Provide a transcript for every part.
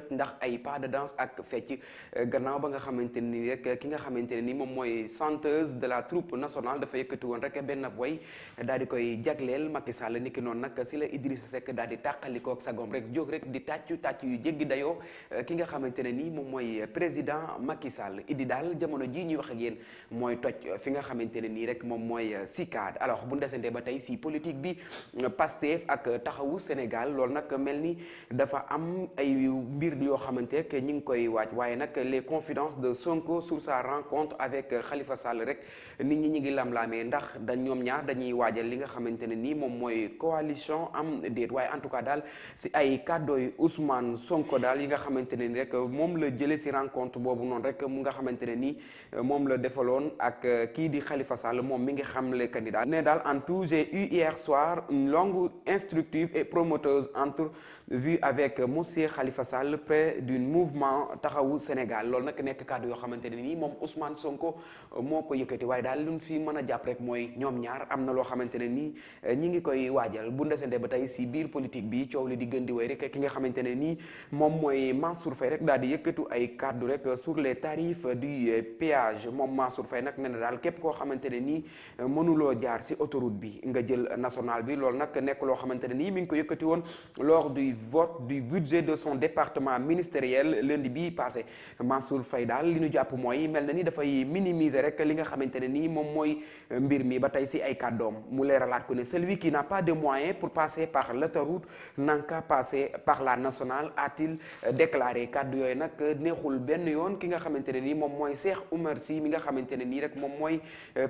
toj ndax ay pas de danse ak fecc euh, gannaaw ba nga xamanteni rek ki nga xamanteni ni chanteuse de la troupe nationale dafa yëkkati won rek benn way dal di koy jaglel Macky Sall niki non nak si la Idrissa Seck dal di tàqalikoo ak sagom rek jog rek di tatchu tatchu yu jéggi dayoo euh, ki nga xamanteni ni moom président Macky Sall idi dal jamono ji ñi wax ak yéen moy toj fi nga xamanteni rek mom moy CICAD euh, alors bu desante ba tay si politique bi Pastef ak taxawu Sénégal lool nak melni ni dafa am ay mbir mbir yoo que ñing koy waaj waye nak les confidences de Sonko sur sa rencontre avec Khalifa Sall rek nit ñi ñi ngi lamé ndax da ñom ñaar dañuy waajal li nga xamanté ni mom moy coalition am déet waye en tout cas dal. ci ay kàddooy Ousmane Sonko dal yi nga xamanté ni rek mom la jëlé ci rencontre bobu non rek mu nga xamanté ni mom la ak ki di Khalifa Sall mom mi ngi xamlé candidat né dal en tout j'ai eu hier soir une longue instructive et promoteuse vue avec monsieur Khalifa Sall paix d'un mouvement taxawu Sénégal lool nak nek cadre yo xamante ni mom Ousmane Sonko euh, moko yëkëti way dal luñ fi mëna japp rek moy ñom ñaar amna lo loo ni euh, ñi ngi koy wajjal bu ndesente ba tay ci biir politique bi ciow li di way rek ki nga xamante ni mom moy Mansour Faye rek dal di yëkëtu ay cadre rek sur les tarifs du euh, péage mom Mansour Faye nak nee dal képp ko xamante ni nii jaar ci autoroute bi nga jël national bi lool nak nek lo xamante ni mi ngi ko yëkëti won lors du vote du budget de son département ministériel lundi bi passé Mansour faydal li ñu japp moy melni da fay minimiser rek li nga xamante ne nii euh, mbir mi ba si ay kàddoom mu leralat ko celui qui n'a pas de moyens pour passer par l'autoroute n'a qu'à passer par la nationale a-t-il euh, déclaré kàddu yooyu nak euh, neexul ben yoon ki nga xamante ne nii moom Cheikh Oumar si mi nga xamante rek mom moy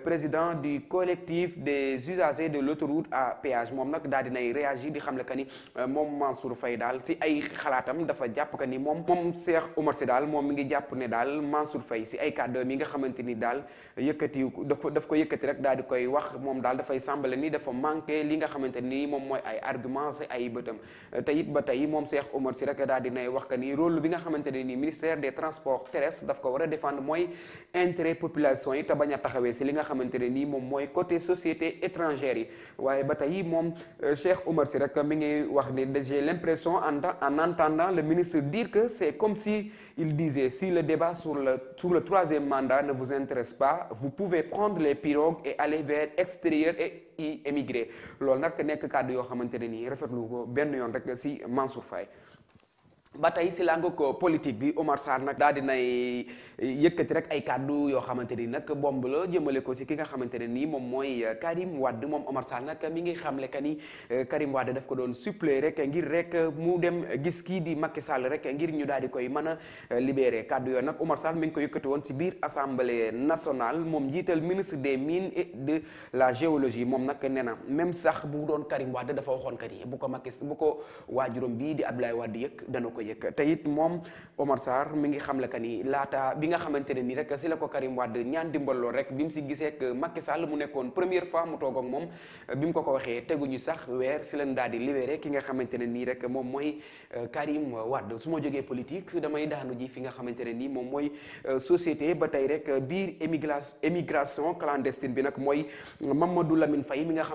président du collectif des usagers de l'autoroute à péage mom nak dal dinay réagir di xam le que ni mom Mansour Faye ci si ay xalaatam dafa jàpp que ni moom moom Cheikh Omar Sy mom mi ngi japp ne dal Mansour mon si ay kàddoom mi nga xamanteni ni yëkëti daf ko yëkëti rek dal di koy wax dal da fay sàmbale ni dafa manqué li nga xamanteni ni moy ay arguments ay bëtam tayit ba Cheikh Omar si rek dal di nay wax que ni rôle bi nga xamanteni ni ministère des transports terrestres daf ko wara défendre moy intérêt population yi te bañ a taxawee si li nga xamanteni ni côté société étrangère yi mon ba tey moom euh, Cheikh Omar si rek mi ngi wax ni j'ai l'impression en en entendant le ministre dire que c'est comme si il disait si le débat sur le, sur le troisième mandat ne vous intéresse pas, vous pouvez prendre les pirogues et aller vers l'extérieur et y émigrer. loolu nag nekk cadre de de ne nii rafetlu ko benn rek si Mansour ba tey si làng ko politique bi Omar Sarr nag daal dinay eh, yëkkati rek ay kàddu yoo xamante ni nag bomb la jëmale ko si ki nga xamante ne nii moom mooy eh, Karim Wade moom Omar Sarr nag mi ngi xamle que ni eh, Karim Wade daf ko doon supplé rek ngir rek mu dem gis kii di Macky Sall rek ngir ñu daal di koy mën a libéré kàddu yoo nag Omar Sarr mi ngi ko yëkkati woon si biir assemblée nationale moom jiital ministre de miin de la géologie moom nag nee na même sax bu doon Karim Wade dafa waxoon que ni bu ko Macky bu ko waajuram bii di Abdoulaye Wade yëg ko yëg te it moom Omar Sarr mi ngi xam la que ni laata bi nga xamante ne nii rek si la ko Karim Wade ñaan dimbaloo rek bi mu si gisee ak Macky Sall mu nekkoon première fois mu moom ne nii moom mooy euh, Karim Wade su ma jógee politique damay daanu ji fi nga xamante ne nii moom mooy euh, société ba tey rek biir bi nag mooy Mamadou Lamine Faye mi nga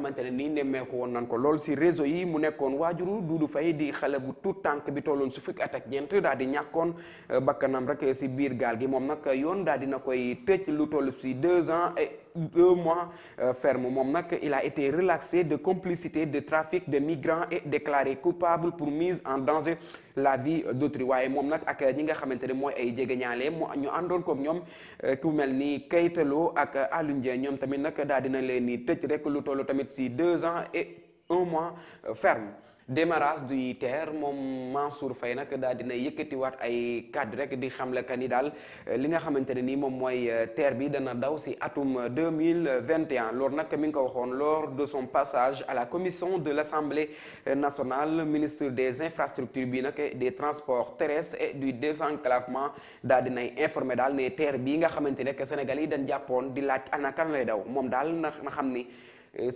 woon nan ko lool si réseau yi mu nekkoon waajuru Doudou Faye di xale bu tout tànk bi tolloon su fi fukki at ak daal di ñàkkoon euh, bakkanam rek ci biir gal gi mom nak yoon daal dina koy tecc lu toll ci 2 ans et deux mois euh, ferme mom nak il a été relaxé de complicité de trafic de migrants et déclaré coupable pour mise en danger la vie d'autrui waye mom nak ak ñi nga xamante ne ay jegeñaale mu ñu àndoon comme ñom euh, ku melni ni Kaytalo ak Alioune Ndiaye ñoom tamit nak daal dina leen ni tecc rek lu toll tamit ci 2 ans et un mois ferme démarrage du TER mon Mansour Faye nak daal dina wat ay cadre rek di xamle que ni daal euh, li nga xamante ne ni moom mooy euh, bi dana daw ci atum 2021 euh, loolu nak mi ngi ko waxone lors de son passage à la commission de l'Assemblée nationale ministre des infrastructures bi nak des transports terrestres et du désenclavement daal dina informé dal né terre bi nga xamante que sénégalais dañ jàppoon di laaj anaka lay daw mom dal na xamni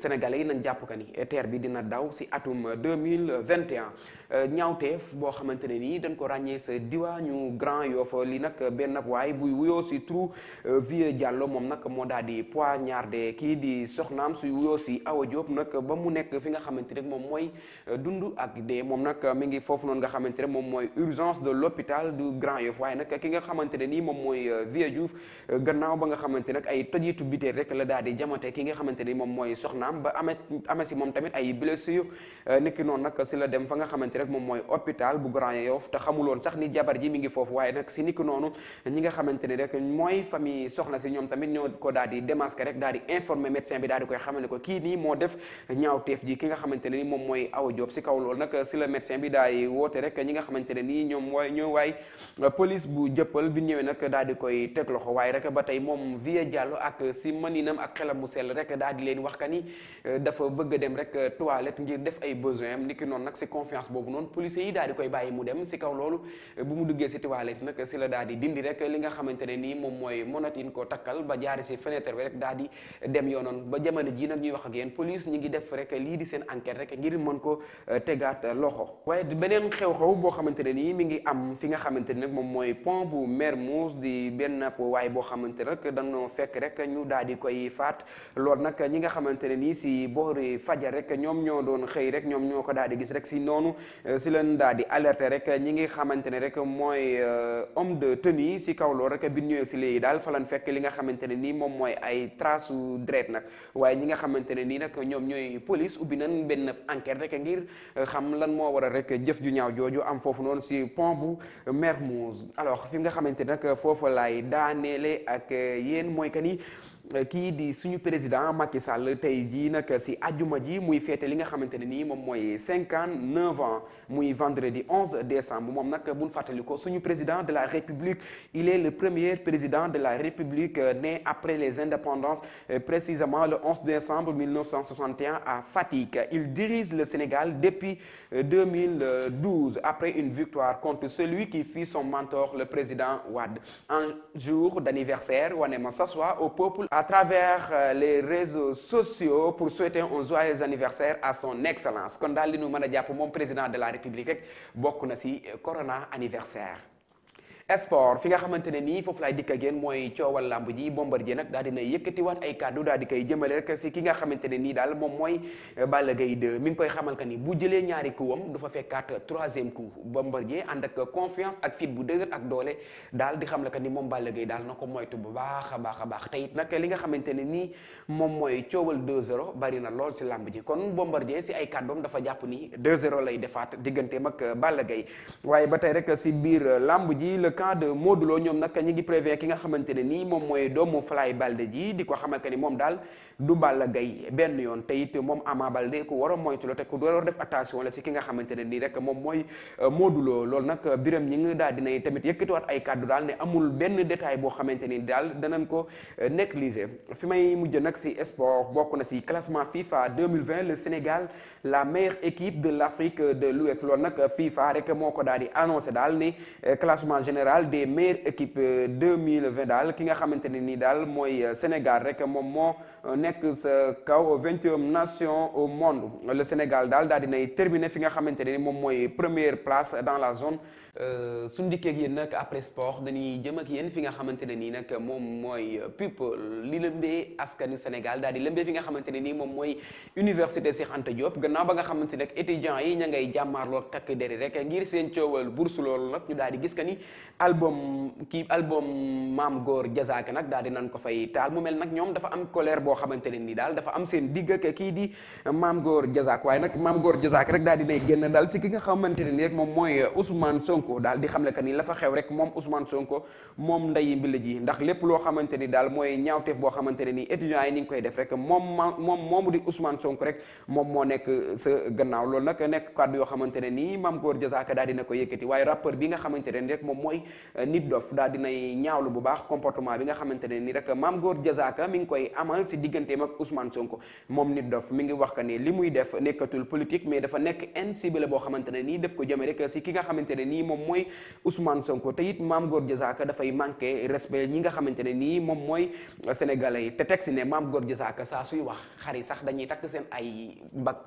sénégalais yi nañ jàpp que ni TER bi dina daw si atum deux vingt 2021 Euh, ñaawteef boo xamante ne nii dañ ko ràññee sa diwaanu Grand Yoff li nag benn waay buy wuyoo si trou euh, Vieux Diallo moom nag moo daal di poignardé kii di soxnaam suy wuyoo si Awa Diop nag ba mu nekk fi nga xamante rek moom mooy euh, dund ak dee moom nag mi ngi foofu noonu nga xamante ne moom mooy urgence de l'hôpital du Grand Yoff waaye ki nga xamante ne nii moom mooy Vieux Diouf gannaaw ba nga xamante ne ay tojitu bitee rek la daal di jamate ki nga xamante ni moom mooy soxnaam ba ame ame si moom tamit ay blessure nekk noonu nag si la dem fa nga xamante xamante rek moom mooy hôpital bu Grand Yoff te xamuloon sax ni jabar ji mi ngi foofu waaye nag si niki noonu ñi nga xamante rek mooy famille soxna si ñoom tamit ñoo ko daal di démasqué rek daal di bi daal di koy ko kii nii moo def ñaawteef ji bi daal di woote rek ñi nga xamante ne nii teg loxo waaye rek ba tey moom Vieux Diallo ak si maninam ak xelam sell rek daal di leen wax ka ni dafa bëgg dem rek toilette ngir def ay besoin am niki si confiance boobu noonu police yi daal di koy bàyyi mu dem si kaw loolu bu mu duggee si toilette nag si la daal di dindi rek li nga xamante ne nii moom mooy monotine ko takkal ba jaari si fenêtre bi rek daal di dem yoonoon ba jamono ji nag ñuy wax ak yéen police ñi ngi def rek lii di seen enquête rek ngir mën ko eh, tegaat loxo waaye beneen xew-xew boo xamante ne nii mi ngi am fi nga xamante ne nag moom mooy pont bu Mermoz di benn waaye boo xamante rek danga dañoo fekk rek ñu daal di koy faat loolu nag ñi nga xamante ne nii si boori fajar rek ñoom ñoo doon xëy rek ñoom ñoo ko daal di gis rek si noonu Euh, si leen daal di alerter rek ñi ngi xamante ne rek mooy euh, homme de tenue si kaw loolu rek bi ñëwee si léegi daal fa lañ fekk li nga xamante ne nii moom mooy ay trace su nag waaye ñi nga xamante ne nii nag ñoom ñooy police ubbi nañ benn enquête rek ngir euh, xam lan moo waral rek jëf ju ñaaw jooju am foofu noonu si pont bu Mermoz alors fi nga xamante nag foofu lay daaneele ak yéen mooy kan nii qui euh, dit suñu président Macky Sall tay di nak si muy li ans muy vendredi 11 décembre mom buñ président de la république il est le premier président de la république euh, né après les indépendances euh, précisément le 11 décembre 1961 à Fatik. il dirige le Sénégal depuis 2012 après une victoire contre celui qui fut son mentor le président Wade un jour d'anniversaire Wanema s'assoit au peuple à travers euh, les réseaux sociaux pour souhaiter un joyeux anniversaire à son excellence kon mon président de la république pour euh, corona anniversaire sport fi nga xamante ne nii foofu laay dikk ak yéen mooy coowal làmb ji Bombardier nag daal dina yëkkatiwaat ay kàddu daal di koy jëmale rek si ki nga xamante nii daal moom mooy ni bu jëlee ñaari kuwam du fa fekkaat troisième coup Bombardier ànd ak confiance ak fit bu dëgër doole daal di xam la que ni moom Balla daal na ko moytu bu baax a baax a baax li nga xamante ne nii moom mooy coowal 2-0 bari na lool si làmb ji kon Bombardier si ay kàddoom dafa jàpp ni 2-0 lay defaat digganteem ak Balla gay waaye ba tey rek si biir làmb ji camp de Modou Lo ñoom nag ñu ngi prévient ki nga xamante ne nii moom mooy doomu Falaye Balde ji di ko xamal que ni moom daal du Balla Gaye benn yoon te it moom Ama Balde ku war a moytu la te ku war a def attention la ci ki nii rek moom mooy euh, Modou Lo loolu nag euh, biram ñi ngi daal dinañ tamit yëkkatiwaat ay kàddu daal ne amul benn détail boo xamante ni daal danañ ko euh, négliger fi may mujj nag ci sport bokk na ci classement FIFA 2020 le Sénégal la meilleure équipe de l'Afrique de l'Ouest loolu nag FIFA rek moo ko daal di annoncé daal ne classement général des meilleures équipes 2020 euh, dal ki nga xamanteni ni dal moy euh, Sénégal rek mom mo euh, nek ce kaw 21e nation au monde le Sénégal d'al dal dinay terminer fi nga xamanteni mom moy première place dans la zone suñu dikkee ak yéen après sport dañuy jëm ak yéen fi nga xamanteni ni nak mom moy people li lëmbee askanu Sénégal dal di lëmbee fi nga xamanteni ni mom moy université Cheikh Anta Diop gannaaw ba nga xamanteni ne nag étudiants yi ñay ngay jàmmaarloo takk deri rek ngir seen coowal bourse lool nak ñu dal di gis que ni album kii album maam góor jazaake nag daal di nan ko fay taal mu mel nag ñoom dafa am colère boo xamante ne ni daal dafa am seen digg ak kii di maam góor jazaak waaye nag maam góor jazaak rek daal di nay génn daal si ki nga xamante ne ni moom mooy Ousmane Sonko daal di xam le que ni la xew rek moom Ousmane Sonko moom ndayi mbili ji ndax lépp loo xamante ni daal mooy ñaawteef boo xamante ne ni étudiants yi ni ngi koy def rek moom ma moom moomu di rek moom moo nekk sa gannaaw loolu nag nekk kàddu yoo xamante ne nii maam góor jazaak daal dina ko yëkkati waaye rappeur bi nga xamante ne ni rek moom mooy Euh, nit dof daal dinay ñaawlu bu baax comportement bi nga xamante ne nii rek maam góor jazaaka mi ngi koy amal si digganteem ak Ousmane Sonko moom nit dof mi ngi wax que ne li muy def nekkatul politique mais dafa nekk incible boo xamante ne nii daf ko jëme rek si ki nga xamante ne nii moom mooy Ousmane Sonko te it maam góor jazaaka dafay manqué respect ñi nga xamante ne nii moom mooy sénégalais yi te teg si ne maam góor jazaaka saa suy wax xar yi sax dañuy takk seen ay bak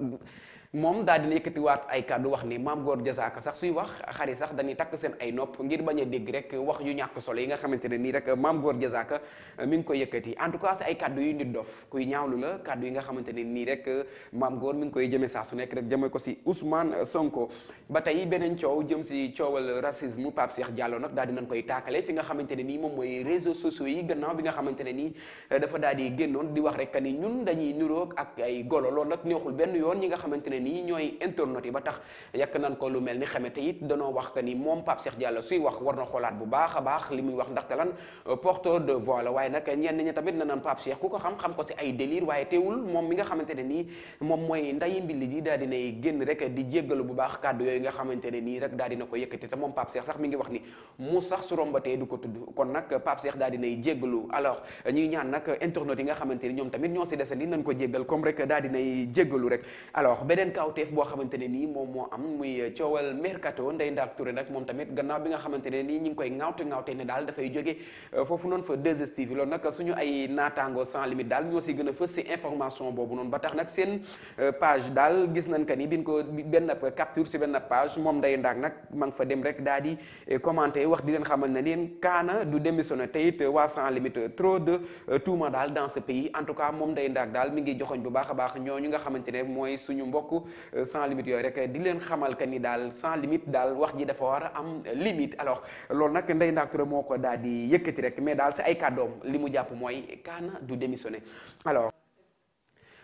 moom daal dina yëkkatiwaat ay kàddu wax ni maam góor jasaaka sax suy wax xar yi sax dañuy takk seen ay nopp ngir bañ a dégg rek wax yu ñàkk solo yi nga xamante ne nii rek maam góor jasaaka euh, mi ngi koy yëkkati en tout cas si ay kàddu yu nit la kàddu yi nga xamante ne nii rek euh, maam góor mi ngi koy jëme saa su nekk rek jëme ko si Ousmane Sonko ba tey beneen coow jëm si coowal racisme Pape Cheikh Diallo nag daal dinañ koy taakale fi nga xamante ne nii moom mooy réseaux sociaux yi gannaaw bi nga xamante ne nii euh, dafa daal di génnoon di wax rek ni ñun dañuy niroog ak ay golo loolu nag neexul benn yoon ñi ni ñoy internet yi ba tax yak nan ko lu melni ni xamete it dañu wax que ni mom pap Cheikh Diallo suy wax warna xolaat bu baaxa baax limuy wax ndax lan euh, porteur de voix la waye nak ñen ñi tamit na naan Cheikh kuko xam xam ko ci ay délire waye téwul mom mi nga xamante ni mom moy nday mbili di daal dinay génn rek di jéggalu bu baax kàddu yoy nga xamante ni rek daal dina ko yëkëti te mom pap Cheikh sax mi ngi wax ni mu sax su rombaté du ko tudd kon nak pap Cheikh daal dinay jéggalu alors ñuy ñaan nak internet yi nga xamante ni ñoom tamit ñoo dessal ni nañ ko jéggal comme rek daal dinay jéggalu rek alors benen beneen kawteef boo xamante ne nii moom moo am muy coowal mercato Ndeye Ndaar Touré nag moom tamit gannaaw bi nga xamante ne nii ñu ngi koy ŋaawte ŋaawte ne daal dafay jóge euh, foofu noonu fa 2STV loolu nag suñu ay naataango sans limite daal ñoo si gën a fës si information boobu noonu ba tax nag seen euh, page daal gis nañ ka ni biñ ko benn capture si benn page moom Ndeye Ndaar nag ma nga fa dem rek daal di euh, commenter wax di leen xamal ne leen kaana du démissionné te it waa sans limite trop de tuuma daal dans ce pays en tout cas moom Ndeye Ndaar daal mi ngi joxoñ bu baax a baax ñooñu nga xamante ne mooy suñu mbokk donc euh, sans limite yooyu rek di leen xamal que ni daal sans limite daal wax ji dafa war a am limite alors loolu nag ndey Ndack Touré moo ko daal di yëkkati rek mais daal si ay kàddoom li mu jàpp mooy Kaana du démissionner alors.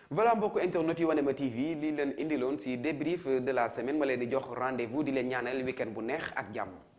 voilà mbokk internet yu Wanema TV li leen indiloon si débrief de la semaine ma leen di jox rendez-vous di leen ñaanal week-end bu neex ak jàmm.